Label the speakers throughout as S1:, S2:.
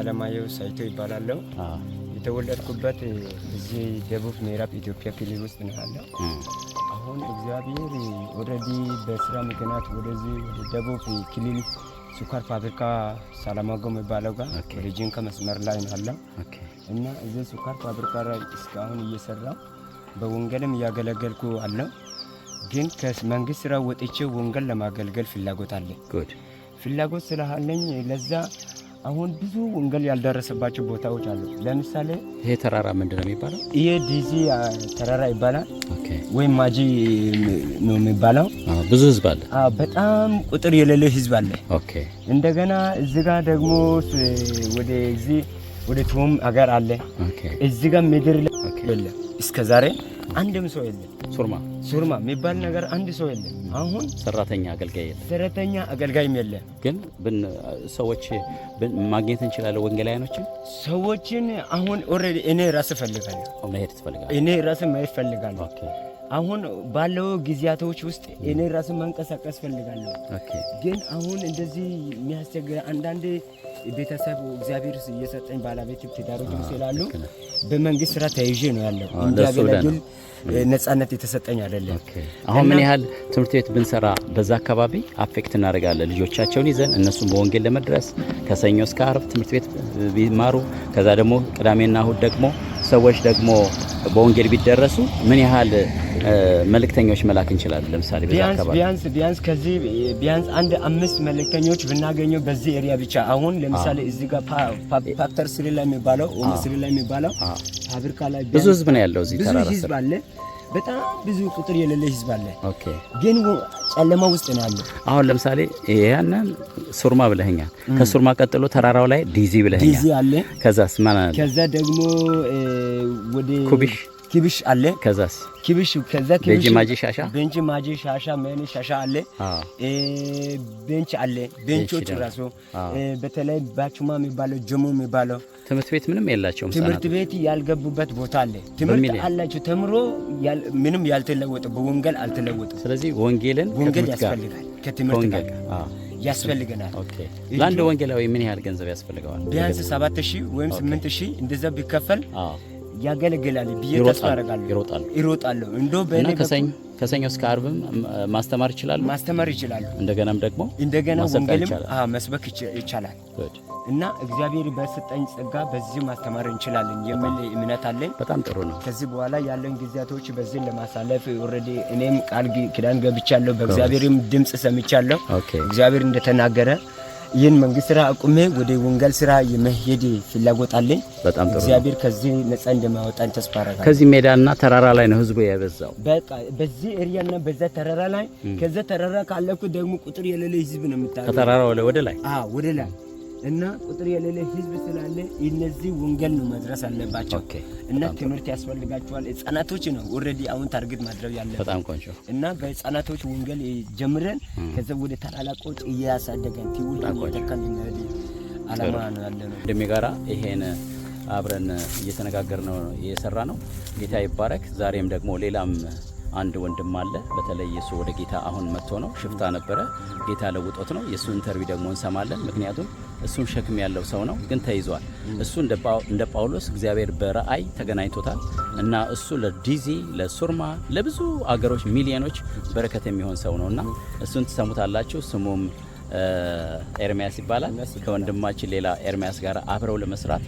S1: አለማየሁ ሳይቶ ይባላለሁ። የተወለድኩበት እዚህ ደቡብ ምዕራብ ኢትዮጵያ ክልል ውስጥ ነው ያለው። አሁን እግዚአብሔር ኦልሬዲ በስራ ምክንያት ወደዚህ ደቡብ ክልል ሱካር ፋብሪካ ሳላማጎ የሚባለው ጋር ሪጅን ከመስመር ላይ ነው ያለው እና እዚ ሱካር ፋብሪካ ላይ እስካሁን እየሰራ በወንገልም እያገለገልኩ አለው። ግን ከመንግስት ስራ ወጥቼ ወንገል ለማገልገል ፍላጎት አለኝ። ፍላጎት ስላለኝ ለዛ አሁን ብዙ ወንጌል ያልደረሰባቸው ቦታዎች አሉ።
S2: ለምሳሌ ይሄ ተራራ ምንድን ነው የሚባለው?
S1: ይሄ ዲዚ ተራራ ይባላል ወይም ማጂ ነው የሚባለው። ብዙ ህዝብ አለ፣ በጣም ቁጥር የሌለ ህዝብ አለ። እንደገና እዚ ጋር ደግሞ ወደዚ ወደ ቱም ሀገር አለ። እዚ ጋር ምድር የለም፣
S2: እስከ ዛሬ አንድም ሰው የለም። ሱርማ ሱርማ የሚባል ነገር አንድ ሰው የለም። አሁን ሰራተኛ አገልጋይ የለም፣ ሰራተኛ አገልጋይም የለም። ግን ብን ሰዎች ማግኘት እንችላለን ወንጌላውያኖችን
S1: ሰዎችን አሁን ኦልሬዲ እኔ ራስ እፈልጋለሁ
S2: መሄድ ትፈልጋለህ?
S1: እኔ ራስ መሄድ እፈልጋለሁ። አሁን ባለው ጊዜያቶች ውስጥ እኔ ራሱ መንቀሳቀስ ፈልጋለሁ፣ ግን አሁን እንደዚህ የሚያስቸግር አንዳንድ ቤተሰብ እግዚአብሔር እየሰጠኝ ባለቤት ትዳሮች ስላሉ በመንግስት ስራ ተይዤ ነው ያለው እንዲያገለግል ነጻነት የተሰጠኝ አይደለም።
S2: አሁን ምን ያህል ትምህርት ቤት ብንሰራ በዛ አካባቢ አፌክት እናደርጋለን። ልጆቻቸውን ይዘን እነሱን በወንጌል ለመድረስ ከሰኞ እስከ አርብ ትምህርት ቤት ቢማሩ ከዛ ደግሞ ቅዳሜና እሁድ ደግሞ ሰዎች ደግሞ በወንጌል ቢደረሱ ምን ያህል መልእክተኞች መላክ እንችላለን። ለምሳሌ
S1: ቢያንስ ቢያንስ ከዚህ ቢያንስ አንድ አምስት መልእክተኞች ብናገኘው በዚህ ኤሪያ ብቻ። አሁን ለምሳሌ እዚህ ጋር ፓክተር ስሪላ የሚባለው ስሪላ የሚባለው ፋብሪካ ላይ
S2: ብዙ ህዝብ ነው ያለው። እዚህ
S1: ተራራ ብዙ ህዝብ አለ። በጣም ብዙ ቁጥር የሌለ ህዝብ አለ፣ ግን ጨለማ ውስጥ ነው ያለው።
S2: አሁን ለምሳሌ ያንን ሱርማ ብለኸኛል። ከሱርማ ቀጥሎ ተራራው ላይ ዲዚ ብለኸኛል። ዲዚ አለ። ከዛስ ማን
S1: ከዛ ደግሞ ወደ ኩቢሽ ኪብሽ አለ። ከዛስ ኪብሽ ከዛ
S2: ኪብሽ ቤንጂ ማጂ ሻሻ
S1: ቤንጂ ማጂ ሻሻ ምን ሻሻ አለ። ቤንች አለ። ቤንቾች ራሱ በተለይ ባቹማ የሚባለው ጀሙ የሚባለው
S2: ትምህርት ቤት ምንም የላቸውም።
S1: ትምህርት ቤት ያልገቡበት ቦታ አለ። ትምህርት አላቸው ተምሮ ምንም ያልተለወጠ በወንጌል አልተለወጠ።
S2: ስለዚህ ወንጌልን
S1: ወንጌል ያስፈልጋል ከትምህርት ጋር ያስፈልገናል።
S2: ለአንድ ወንጌላዊ ምን ያህል ገንዘብ ያስፈልገዋል?
S1: ቢያንስ ሰባት ሺህ ወይም ስምንት ሺህ እንደዛ ቢከፈል ያገለግላል ብዬ ተስፋ አደርጋለሁ። ይሮጣል ይሮጣል።
S2: እንደው በእኔ ከሰኝ ከሰኞ እስከ አርብም ማስተማር ይችላሉ
S1: ማስተማር ይችላሉ። እንደገናም ደግሞ እንደገና ወንጌልም መስበክ ይቻላል። እና እግዚአብሔር በስጠኝ ጸጋ በዚህ ማስተማር እንችላለን የሚል እምነት አለኝ። በጣም ጥሩ ነው። ከዚህ በኋላ ያለን ጊዜያቶች በዚህ ለማሳለፍ ኦልሬዲ እኔም ቃል ኪዳን ገብቻለሁ። በእግዚአብሔርም ድምፅ ሰምቻለሁ። እግዚአብሔር እንደተናገረ ይህን መንግስት ስራ አቁሜ ወደ ወንጌል ስራ የመሄድ ፍላጎት አለኝ። በጣም ጥሩ። እግዚአብሔር ከዚህ ነጻ እንደማወጣን ተስፋ አደርጋለሁ።
S2: ከዚህ ሜዳና ተራራ ላይ ነው ህዝቡ የበዛው።
S1: በቃ በዚህ ኤሪያና በዛ ተራራ ላይ ከዛ ተራራ ካለኩ ደግሞ ቁጥር የሌለ ህዝብ ነው የምታየው
S2: ከተራራ ወደ ላይ
S1: ወደ ላይ እና ቁጥር የሌለ ህዝብ ስላለ እነዚህ ወንጌል ነው መድረስ አለባቸው እና ትምህርት ያስፈልጋቸዋል። ህጻናቶች ነው ኦልሬዲ አሁን ታርጌት ማድረግ ያለ በጣም ቆንጆ እና በህጻናቶች ወንጌል ጀምረን ከዚያ ወደ ታላላቆች እያሳደገን ትውልድ እየተካን የሚያድ አላማ ነው ያለ ነው
S2: ደሜ ጋራ ይሄን አብረን እየተነጋገር ነው እየሰራ ነው። ጌታ ይባረክ። ዛሬም ደግሞ ሌላም አንድ ወንድም አለ። በተለይ የሱ ወደ ጌታ አሁን መጥቶ ነው። ሽፍታ ነበረ፣ ጌታ ለውጦት ነው። የእሱ ኢንተርቪው ደግሞ እንሰማለን። ምክንያቱም እሱም ሸክም ያለው ሰው ነው፣ ግን ተይዟል። እሱ እንደ ጳውሎስ እግዚአብሔር በረአይ ተገናኝቶታል እና እሱ ለዲዚ ለሱርማ ለብዙ አገሮች ሚሊዮኖች በረከት የሚሆን ሰው ነው እና እሱን ትሰሙታላችሁ። ስሙም ኤርሚያስ ይባላል። ከወንድማችን ሌላ ኤርሚያስ ጋር አብረው ለመስራት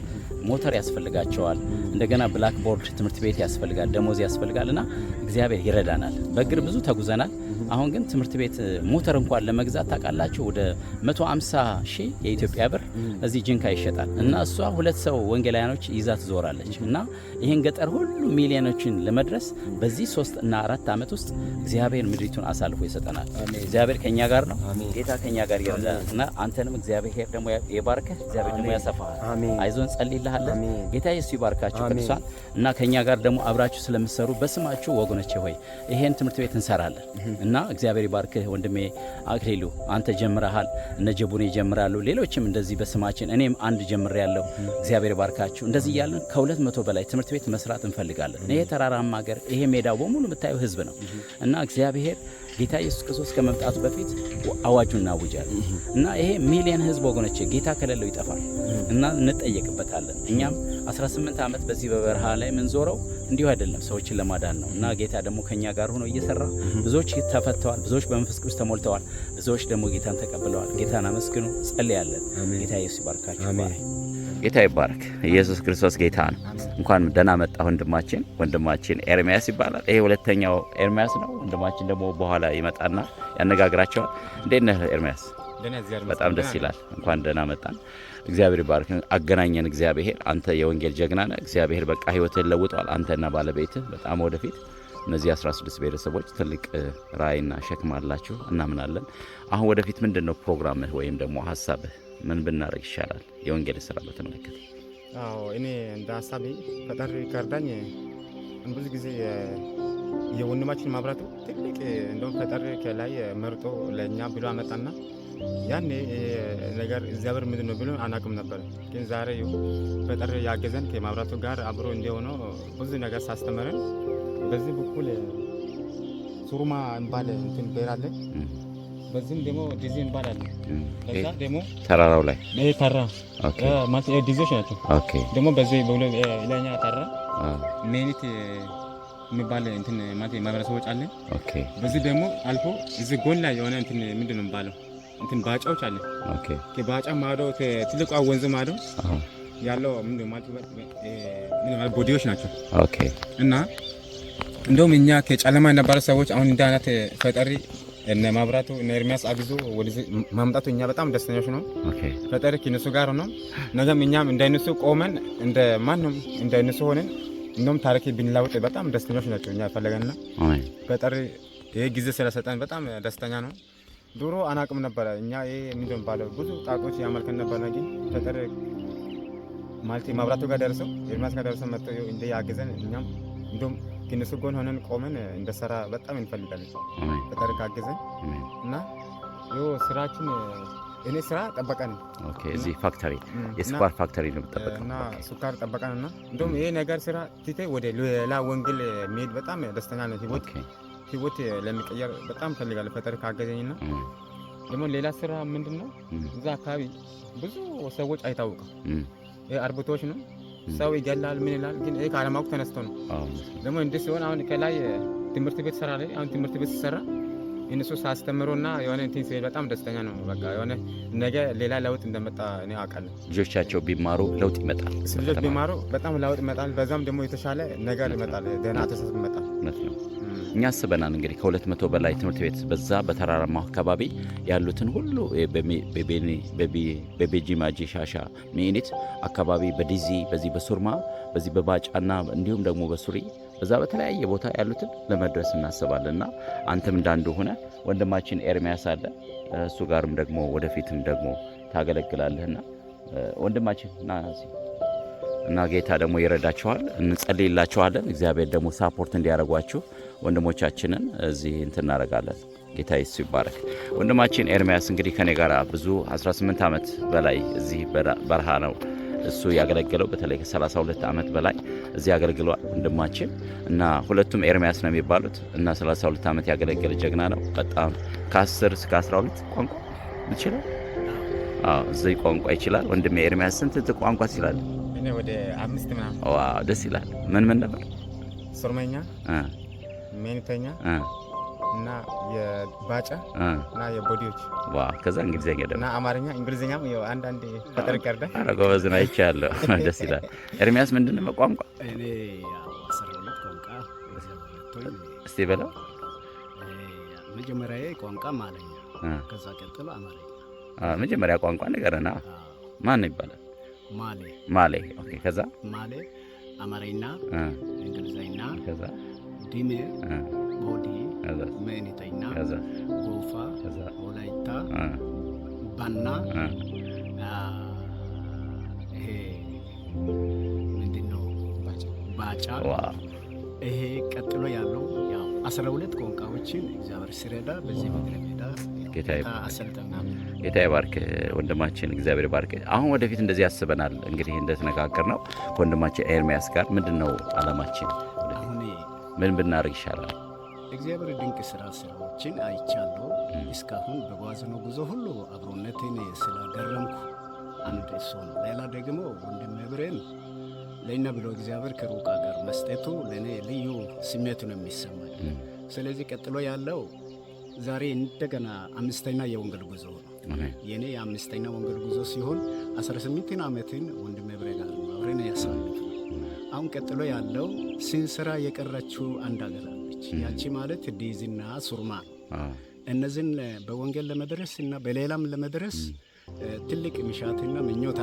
S2: ሞተር ያስፈልጋቸዋል። እንደገና ብላክቦርድ ትምህርት ቤት ያስፈልጋል፣ ደሞዝ ያስፈልጋል እና እግዚአብሔር ይረዳናል። በእግር ብዙ ተጉዘናል። አሁን ግን ትምህርት ቤት ሞተር እንኳን ለመግዛት ታውቃላችሁ ወደ 150 ሺህ የኢትዮጵያ ብር እዚህ ጅንካ ይሸጣል እና እሷ ሁለት ሰው ወንጌላውያኖች ይዛ ትዞራለች እና ይህን ገጠር ሁሉ ሚሊዮኖችን ለመድረስ በዚህ ሶስት እና አራት ዓመት ውስጥ እግዚአብሔር ምድሪቱን አሳልፎ ይሰጠናል። እግዚአብሔር ከኛ ጋር ነው። ጌታ ከኛ ጋር ይረዳል እና አንተንም እግዚአብሔር ደግሞ የባርከህ እግዚአብሔር ደግሞ ያሰፋሃል። አይዞን ጸልይልሃለን። ጌታ ኢየሱስ ይባርካችሁ ቅዱሳን እና ከኛ ጋር ደግሞ አብራችሁ ስለምትሰሩ በስማችሁ ወገኖቼ ሆይ ይሄን ትምህርት ቤት እንሰራለን እና እግዚአብሔር ይባርክህ ወንድሜ አክሊሉ። አንተ ጀምረሃል፣ እነ ጀቡኔ ይጀምራሉ፣ ሌሎችም እንደዚህ በስማችን እኔም አንድ ጀምሬ ያለው እግዚአብሔር ይባርካችሁ። እንደዚህ እያለን ከሁለት መቶ በላይ ትምህርት ቤት መስራት እንፈልጋለን። ይሄ ተራራማ ሀገር፣ ይሄ ሜዳው በሙሉ የምታየው ህዝብ ነው እና እግዚአብሔር ጌታ ኢየሱስ ክርስቶስ ከመምጣቱ በፊት አዋጁን እናውጃለን እና ይሄ ሚሊየን ህዝብ ወገኖች ጌታ ከሌለው ይጠፋል እና እንጠየቅበታለን። እኛም 18 ዓመት በዚህ በበረሃ ላይ የምንዞረው እንዲሁ አይደለም፣ ሰዎችን ለማዳን ነው እና ጌታ ደግሞ ከኛ ጋር ሆኖ እየሰራ ብዙዎች ተፈተዋል፣ ብዙዎች በመንፈስ ቅዱስ ተሞልተዋል፣ ብዙዎች ደግሞ ጌታን ተቀብለዋል። ጌታን አመስግኑ። ጸልያለን። ጌታ ኢየሱስ ይባርካቸው። ጌታ ይባረክ። ኢየሱስ ክርስቶስ ጌታ ነው። እንኳን ደህና መጣ ወንድማችን። ወንድማችን ኤርሚያስ ይባላል። ይሄ ሁለተኛው ኤርሚያስ ነው። ወንድማችን ደግሞ በኋላ ይመጣና ያነጋግራቸዋል። እንዴት ነህ ኤርሚያስ? በጣም ደስ ይላል። እንኳን ደህና መጣን። እግዚአብሔር ይባረክ። አገናኘን። እግዚአብሔር አንተ የወንጌል ጀግና ነህ። እግዚአብሔር በቃ ህይወትህን ለውጧል። አንተና ባለቤትህ በጣም ወደፊት እነዚህ 16 ብሔረሰቦች ትልቅ ራዕይና ሸክም አላችሁ እናምናለን። አሁን ወደፊት ምንድን ነው ፕሮግራምህ ወይም ደግሞ ሀሳብህ? ምን ብናደርግ ይሻላል? የወንጌል ስራ በተመለከተ
S1: አዎ፣ እኔ እንደ ሀሳቤ ፈጣሪ ከርዳኝ ብዙ ጊዜ የወንድማችን ማብራቱ ትልቅ እንደውም ፈጣሪ ከላይ መርጦ ለእኛ ብሎ አመጣና ያኔ ነገር እግዚአብሔር ምንድን ነው ብሎ አናቅም ነበር። ግን ዛሬ ፈጣሪ ያገዘን ከማብራቱ ጋር አብሮ እንደሆነ ብዙ ነገር ሳስተመረን በዚህ በኩል ሱሩማ እንባል እንትን ብሔራለን በዚህም ደግሞ ዲዚ ይባላል። ከዛ ደግሞ ተራራው ላይ ይሄ ተራ ማለት ዲዚዎች ናቸው። ኦኬ ደግሞ በዚህ በሁለ ሌላኛ ተራ ሜኒት የሚባል እንትን ማለት ማህበረሰቦች አለ። ኦኬ በዚህ ደግሞ አልፎ እዚህ ጎን ላይ የሆነ እንትን ምንድን ነው የሚባለው እንትን ባጫዎች አለ። ኦኬ ባጫ ማዶ ትልቋ ወንዝ ማዶ ያለው ምንድን ነው ማለት ቦዲዎች ናቸው። ኦኬ እና እንደውም እኛ ከጨለማ የነበረ ሰዎች አሁን እንዳናት ፈጠሪ እነ ማብራቱ እነ ኤርሚያስ አግዙ ወደዚህ ማምጣቱ እኛ በጣም ደስተኞች ነው። ፈጠሪ ከነሱ ጋር ነው። ነገም እኛም እንዳይነሱ ቆመን እንደ ማንም እንዳይነሱ ሆነን እንደውም ታሪክ ብንላውጥ በጣም ደስተኞች ናቸው። እኛ ፈለገና ፈጠሪ ይሄ ጊዜ ስለሰጠን በጣም ደስተኛ ነው። ድሮ አናቅም ነበረ። እኛ ይሄ ምንድን ባለ ብዙ ጣቆች ያመልከን ነበር እንጂ ፈጠሪ ማለት ማብራቱ ጋር ደርሰው ኤርሚያስ ጋር ደርሰው መጥተው እንደ ያገዘን እኛም እንደውም ከነሱ ጎን ሆነን ቆመን እንደሰራ በጣም እንፈልጋለን። ፈጣሪ ካገዘን እና ይኸው ስራችን እኔ ስራ ጠበቃ
S2: ኦኬ፣ እዚህ ፋክተሪ የስኳር ፋክተሪ ነው ጠበቃ
S1: እና ስኳር ጠበቃ እና እንደውም ይሄ ነገር ስራ ትቴ ወደ ሌላ ወንጌል መሄድ በጣም ደስተኛ ነው። ህይወት ህይወት ለሚቀየር በጣም ፈልጋለሁ። ፈጣሪ እና ደግሞ ሌላ ስራ ምንድን ነው እዛ አካባቢ ብዙ ሰዎች አይታወቅም። ይሄ አርብቶች ነው ሰው ይገላል፣ ምን ይላል። ግን ይሄ ካለማወቅ ተነስቶ ነው። ደግሞ እንዲህ ሲሆን አሁን ከላይ ትምህርት ቤት ሰራ ላይ አሁን ትምህርት ቤት ሲሰራ እነሱ ሳስተምሩና የሆነ እንትን ሲሄድ በጣም ደስተኛ ነው። በቃ የሆነ ነገ ሌላ ለውጥ እንደመጣ እኔ አውቃለሁ።
S2: ልጆቻቸው ቢማሩ ለውጥ ይመጣል።
S1: ልጆች ቢማሩ በጣም ለውጥ ይመጣል። በዛም ደግሞ የተሻለ ነገር ይመጣል። ደህና አተሳሰብ ይመጣል።
S2: እኛ አስበናል እንግዲህ ከሁለት መቶ በላይ ትምህርት ቤት በዛ በተራራማው አካባቢ ያሉትን ሁሉ በቤጂ ማጂ፣ ሻሻ፣ ሚኒት አካባቢ በዲዚ በዚህ በሱርማ በዚህ በባጫና እንዲሁም ደግሞ በሱሪ በዛ በተለያየ ቦታ ያሉትን ለመድረስ እናስባለን እና አንተም እንዳንዱ ሆነ ወንድማችን ኤርሚያስ አለ እሱ ጋርም ደግሞ ወደፊትም ደግሞ ታገለግላለህና ወንድማችን ና እና ጌታ ደግሞ ይረዳችኋል። እንጸልይላችኋለን። እግዚአብሔር ደግሞ ሳፖርት እንዲያደረጓችሁ ወንድሞቻችንን እዚህ እንትን እናደርጋለን። ጌታ ይሱ ይባረክ። ወንድማችን ኤርሚያስ እንግዲህ ከኔ ጋር ብዙ 18 ዓመት በላይ እዚህ በረሃ ነው እሱ ያገለገለው በተለይ ከ32 ዓመት በላይ እዚህ ያገለግለዋል ወንድማችን እና ሁለቱም ኤርሚያስ ነው የሚባሉት እና 32 ዓመት ያገለገለ ጀግና ነው። በጣም ከ10 እስከ 12 ቋንቋ ይችላል። እዚህ ቋንቋ ይችላል። ወንድሜ ኤርሚያስ ስንት ቋንቋ ትችላለህ? ደስ ይላል። ምን ምን ነበር?
S1: ሶርማኛ ሜኒተኛ እና የባጫ እና የቦዲዎች
S2: ከዛ እንግሊዝኛ ደግሞ
S1: እና አማርኛ እንግሊዝኛም አንዳንድ ፈጠር ቀርደ
S2: ጎበዝን አይቻለሁ። ደስ ይላል። ኤርሚያስ ምንድን ነው ቋንቋ እስቲ በለው።
S1: መጀመሪያ ቋንቋ አማርኛ፣ ከዛ ቀጥሎ አማርኛ።
S2: መጀመሪያ ቋንቋ ንገረና ማን ይባላል? ማሌ ማሌ። ከዛ
S1: ማሌ አማርኛ፣ እንግሊዝኛ ከዛ ዲሜ ቦዲ መኒተኛ ጎፋ ወላይታ ባና ይሄ ባጫ ይሄ ቀጥሎ ያለው አስራ ሁለት ቋንቋዎችን እግዚአብሔር ሲረዳ በዚህ መድረክ ሄዳ
S2: ጌታ ይባርክ ወንድማችን፣ እግዚአብሔር ባርክ አሁን ወደፊት እንደዚህ ያስበናል። እንግዲህ እንደተነጋገር ነው ከወንድማችን ኤርሚያስ ጋር ምንድን ነው አላማችን? ምን ብናደርግ ይሻላል?
S1: እግዚአብሔር ድንቅ ስራ ስራዎችን አይቻለሁ። እስካሁን በጓዝነው ጉዞ ሁሉ አብሮነትን ስላገረምኩ አንድ እሱ ነው። ሌላ ደግሞ ወንድም ብሬን ለእኛ ብሎ እግዚአብሔር ከሩቅ ሀገር መስጠቱ ለእኔ ልዩ ስሜቱ ነው የሚሰማኝ። ስለዚህ ቀጥሎ ያለው ዛሬ እንደገና አምስተኛ የወንጌል ጉዞ ነው። የእኔ የአምስተኛ ወንጌል ጉዞ ሲሆን 18 ዓመትን ወንድም ብሬ ጋር አብረን ያሳልፍ አሁን ቀጥሎ ያለው ስንሰራ የቀረችው አንድ ሀገር አለች። ያቺ ማለት ዲዝና ሱርማ ነው። እነዚህን በወንጌል ለመድረስ እና በሌላም ለመድረስ ትልቅ ምሻትና ምኞታ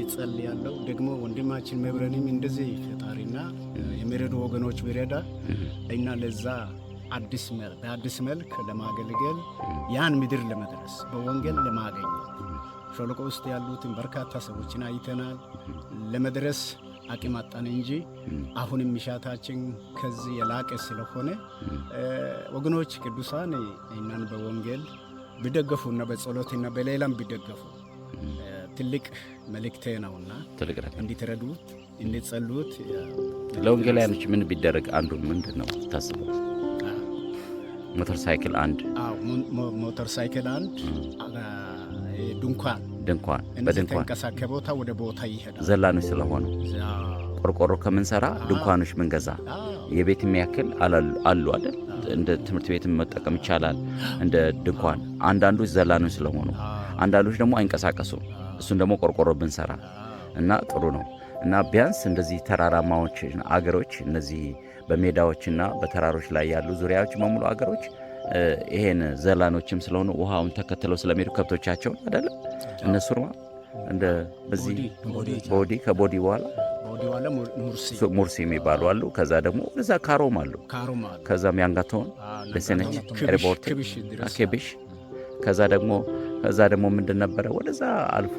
S1: ይጸል ያለው ደግሞ ወንድማችን መብረንም እንደዚህ ፈጣሪና የሚረዱ ወገኖች ቢረዳ እና ለዛ በአዲስ መልክ ለማገልገል ያን ምድር ለመድረስ በወንጌል ለማገኘት ሸለቆ ውስጥ ያሉትን በርካታ ሰዎችን አይተናል ለመድረስ አቅም አጣን እንጂ አሁን የሚሻታችን ከዚህ የላቀ ስለሆነ ወገኖች ቅዱሳን እኛን በወንጌል ቢደገፉና በጸሎትና በሌላም ቢደገፉ ትልቅ መልእክቴ ነውና እንዲትረዱት እንዲጸሉት።
S2: ለወንጌላውያኖች ምን ቢደረግ አንዱ ምንድን ነው ታስበው? ሞተር ሳይክል አንድ
S1: ሞተር ሳይክል አንድ ድንኳን
S2: ድንኳን በድንኳን
S1: ከቦታ ወደ ቦታ ይሄዳል።
S2: ዘላኖች ስለሆኑ ቆርቆሮ ከምንሰራ ድንኳኖች ምንገዛ የቤት የሚያክል አሉ አይደል? እንደ ትምህርት ቤት መጠቀም ይቻላል እንደ ድንኳን። አንዳንዶች ዘላኖች ስለሆኑ፣ አንዳንዶች ደግሞ አይንቀሳቀሱም። እሱን ደግሞ ቆርቆሮ ብንሰራ እና ጥሩ ነው እና ቢያንስ እንደዚህ ተራራማዎች አገሮች እነዚህ በሜዳዎችና በተራሮች ላይ ያሉ ዙሪያዎች በሙሉ አገሮች ይሄን ዘላኖችም ስለሆኑ ውሃውን ተከትለው ስለሚሄዱ ከብቶቻቸውን አይደለም እነሱርማ እንደ በዚህ ቦዲ ከቦዲ በኋላ ሙርሲ የሚባሉ አሉ። ከዛ ደግሞ ወደዛ ካሮም አሉ። ከዛም ያንጋቶን ደሴነች፣ ኤርቦርት፣ ኬብሽ ከዛ ደግሞ ከዛ ደግሞ ምንድን ነበረ ወደዛ አልፎ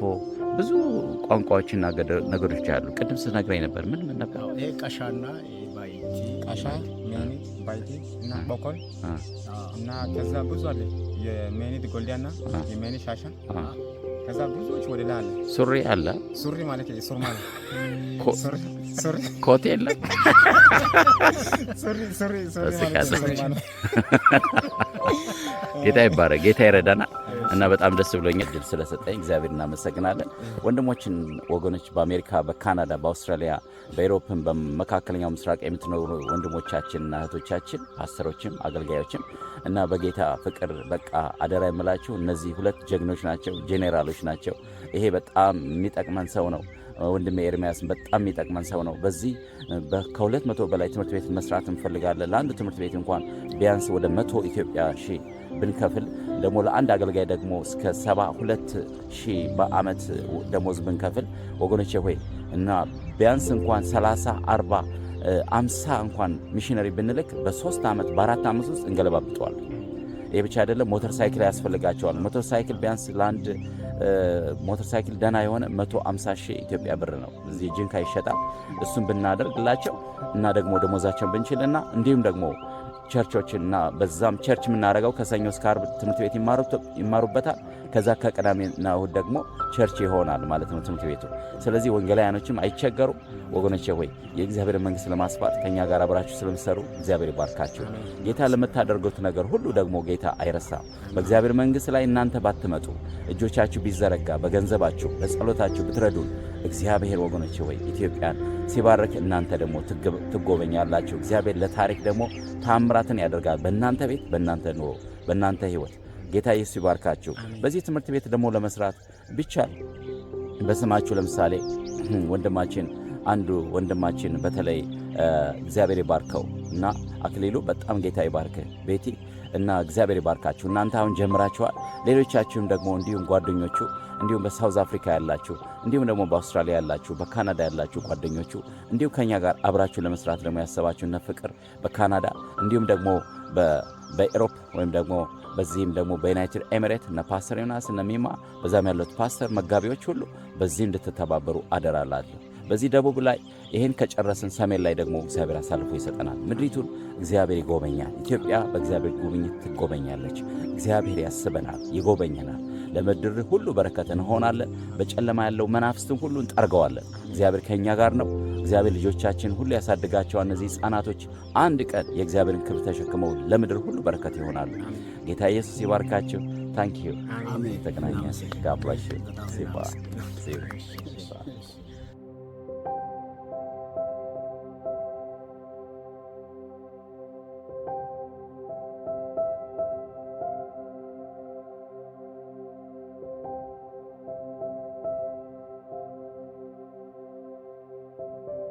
S2: ብዙ ቋንቋዎችና ነገሮች አሉ። ቅድም ስነግረኝ ነበር። ምን ምን ነበር?
S1: ቀሻና ቀሻ፣ ሜኒት፣ ባይቲ እና ቦኮል እና ከዛ ብዙ አለ የሜኒት ጎልዲያና የሜኒት ሻሻ ከዛ ብዙዎች ወደ ላይ አለ። ሱሪ አለ። ሱሪ ማለት ሱርማ ነው።
S2: ኮት የለም። ጌታ ይባረ ጌታ ይረዳና እና በጣም ደስ ብሎኛል ድል ስለሰጠኝ እግዚአብሔር እናመሰግናለን። ወንድሞችን፣ ወገኖች በአሜሪካ፣ በካናዳ፣ በአውስትራሊያ፣ በኤሮፕን በመካከለኛው ምስራቅ የምትኖሩ ወንድሞቻችንና እህቶቻችን ፓስተሮችም አገልጋዮችም እና በጌታ ፍቅር በቃ አደራ የምላችሁ እነዚህ ሁለት ጀግኖች ናቸው፣ ጄኔራሎች ናቸው። ይሄ በጣም የሚጠቅመን ሰው ነው። ወንድሜ ኤርሚያስን በጣም የሚጠቅመን ሰው ነው። በዚህ ከሁለት መቶ በላይ ትምህርት ቤት መስራት እንፈልጋለን። ለአንድ ትምህርት ቤት እንኳን ቢያንስ ወደ መቶ ኢትዮጵያ ሺህ ብንከፍል ደግሞ ለአንድ አገልጋይ ደግሞ እስከ ሰባ ሁለት ሺህ በአመት ደሞዝ ብንከፍል ወገኖቼ ሆይ እና ቢያንስ እንኳን 30 40 50 እንኳን ሚሽነሪ ብንልክ በሶስት ዓመት በአራት ዓመት ውስጥ እንገለባብጠዋል። ይህ ብቻ አይደለም፣ ሞተር ሳይክል ያስፈልጋቸዋል። ሞተር ሳይክል ቢያንስ ለአንድ ሞተር ሳይክል ደህና የሆነ 150 ሺህ ኢትዮጵያ ብር ነው እዚህ ጅንካ ይሸጣል። እሱን ብናደርግላቸው እና ደግሞ ደሞዛቸውን ብንችልና እንዲሁም ደግሞ ቸርቾችና በዛም ቸርች የምናደርገው ከሰኞ እስከ ዓርብ ትምህርት ቤት ይማሩበታል። ከዛ ከቅዳሜና እሁድ ደግሞ ቸርች ይሆናል ማለት ነው ትምህርት ቤቱ። ስለዚህ ወንጌላውያኖችም አይቸገሩ። ወገኖቼ ሆይ የእግዚአብሔር መንግስት ለማስፋት ከእኛ ጋር አብራችሁ ስለምሰሩ እግዚአብሔር ይባርካችሁ። ጌታ ለምታደርጉት ነገር ሁሉ ደግሞ ጌታ አይረሳም። በእግዚአብሔር መንግስት ላይ እናንተ ባትመጡ፣ እጆቻችሁ ቢዘረጋ፣ በገንዘባችሁ በጸሎታችሁ ብትረዱን እግዚአብሔር ወገኖቼ ሆይ ኢትዮጵያን ሲባርክ እናንተ ደግሞ ትጎበኛላችሁ። እግዚአብሔር ለታሪክ ደግሞ ታምራትን ያደርጋል። በእናንተ ቤት፣ በእናንተ ኑሮ፣ በእናንተ ህይወት። ጌታ ኢየሱስ ይባርካችሁ። በዚህ ትምህርት ቤት ደግሞ ለመስራት ቢቻል በስማችሁ ለምሳሌ ወንድማችን አንዱ ወንድማችን በተለይ እግዚአብሔር ይባርከው እና አክሊሉ በጣም ጌታ ይባርክ ቤቲ እና እግዚአብሔር ይባርካችሁ። እናንተ አሁን ጀምራችኋል። ሌሎቻችሁም ደግሞ እንዲሁም ጓደኞቹ እንዲሁም በሳውዝ አፍሪካ ያላችሁ እንዲሁም ደግሞ በአውስትራሊያ ያላችሁ በካናዳ ያላችሁ ጓደኞቹ እንዲሁም ከኛ ጋር አብራችሁ ለመስራት ደግሞ ያሰባችሁን ፍቅር በካናዳ እንዲሁም ደግሞ በኤሮፕ ወይም ደግሞ በዚህም ደግሞ በዩናይትድ ኤሚሬት እነ ፓስተር ዮናስ እነ ሚማ በዛም ያሉት ፓስተር መጋቢዎች ሁሉ በዚህ እንድትተባበሩ አደራላለሁ። በዚህ ደቡብ ላይ ይህን ከጨረስን ሰሜን ላይ ደግሞ እግዚአብሔር አሳልፎ ይሰጠናል። ምድሪቱን እግዚአብሔር ይጎበኛል። ኢትዮጵያ በእግዚአብሔር ጉብኝት ትጎበኛለች። እግዚአብሔር ያስበናል፣ ይጎበኘናል። ለምድር ሁሉ በረከት እንሆናለን። በጨለማ ያለው መናፍስትን ሁሉ እንጠርገዋለን። እግዚአብሔር ከእኛ ጋር ነው። እግዚአብሔር ልጆቻችን ሁሉ ያሳድጋቸዋል። እነዚህ ሕፃናቶች አንድ ቀን የእግዚአብሔርን ክብር ተሸክመው ለምድር ሁሉ በረከት ይሆናሉ። ጌታ ኢየሱስ ይባርካቸው። ታንኪዩ ተገናኛ ጋብላሽ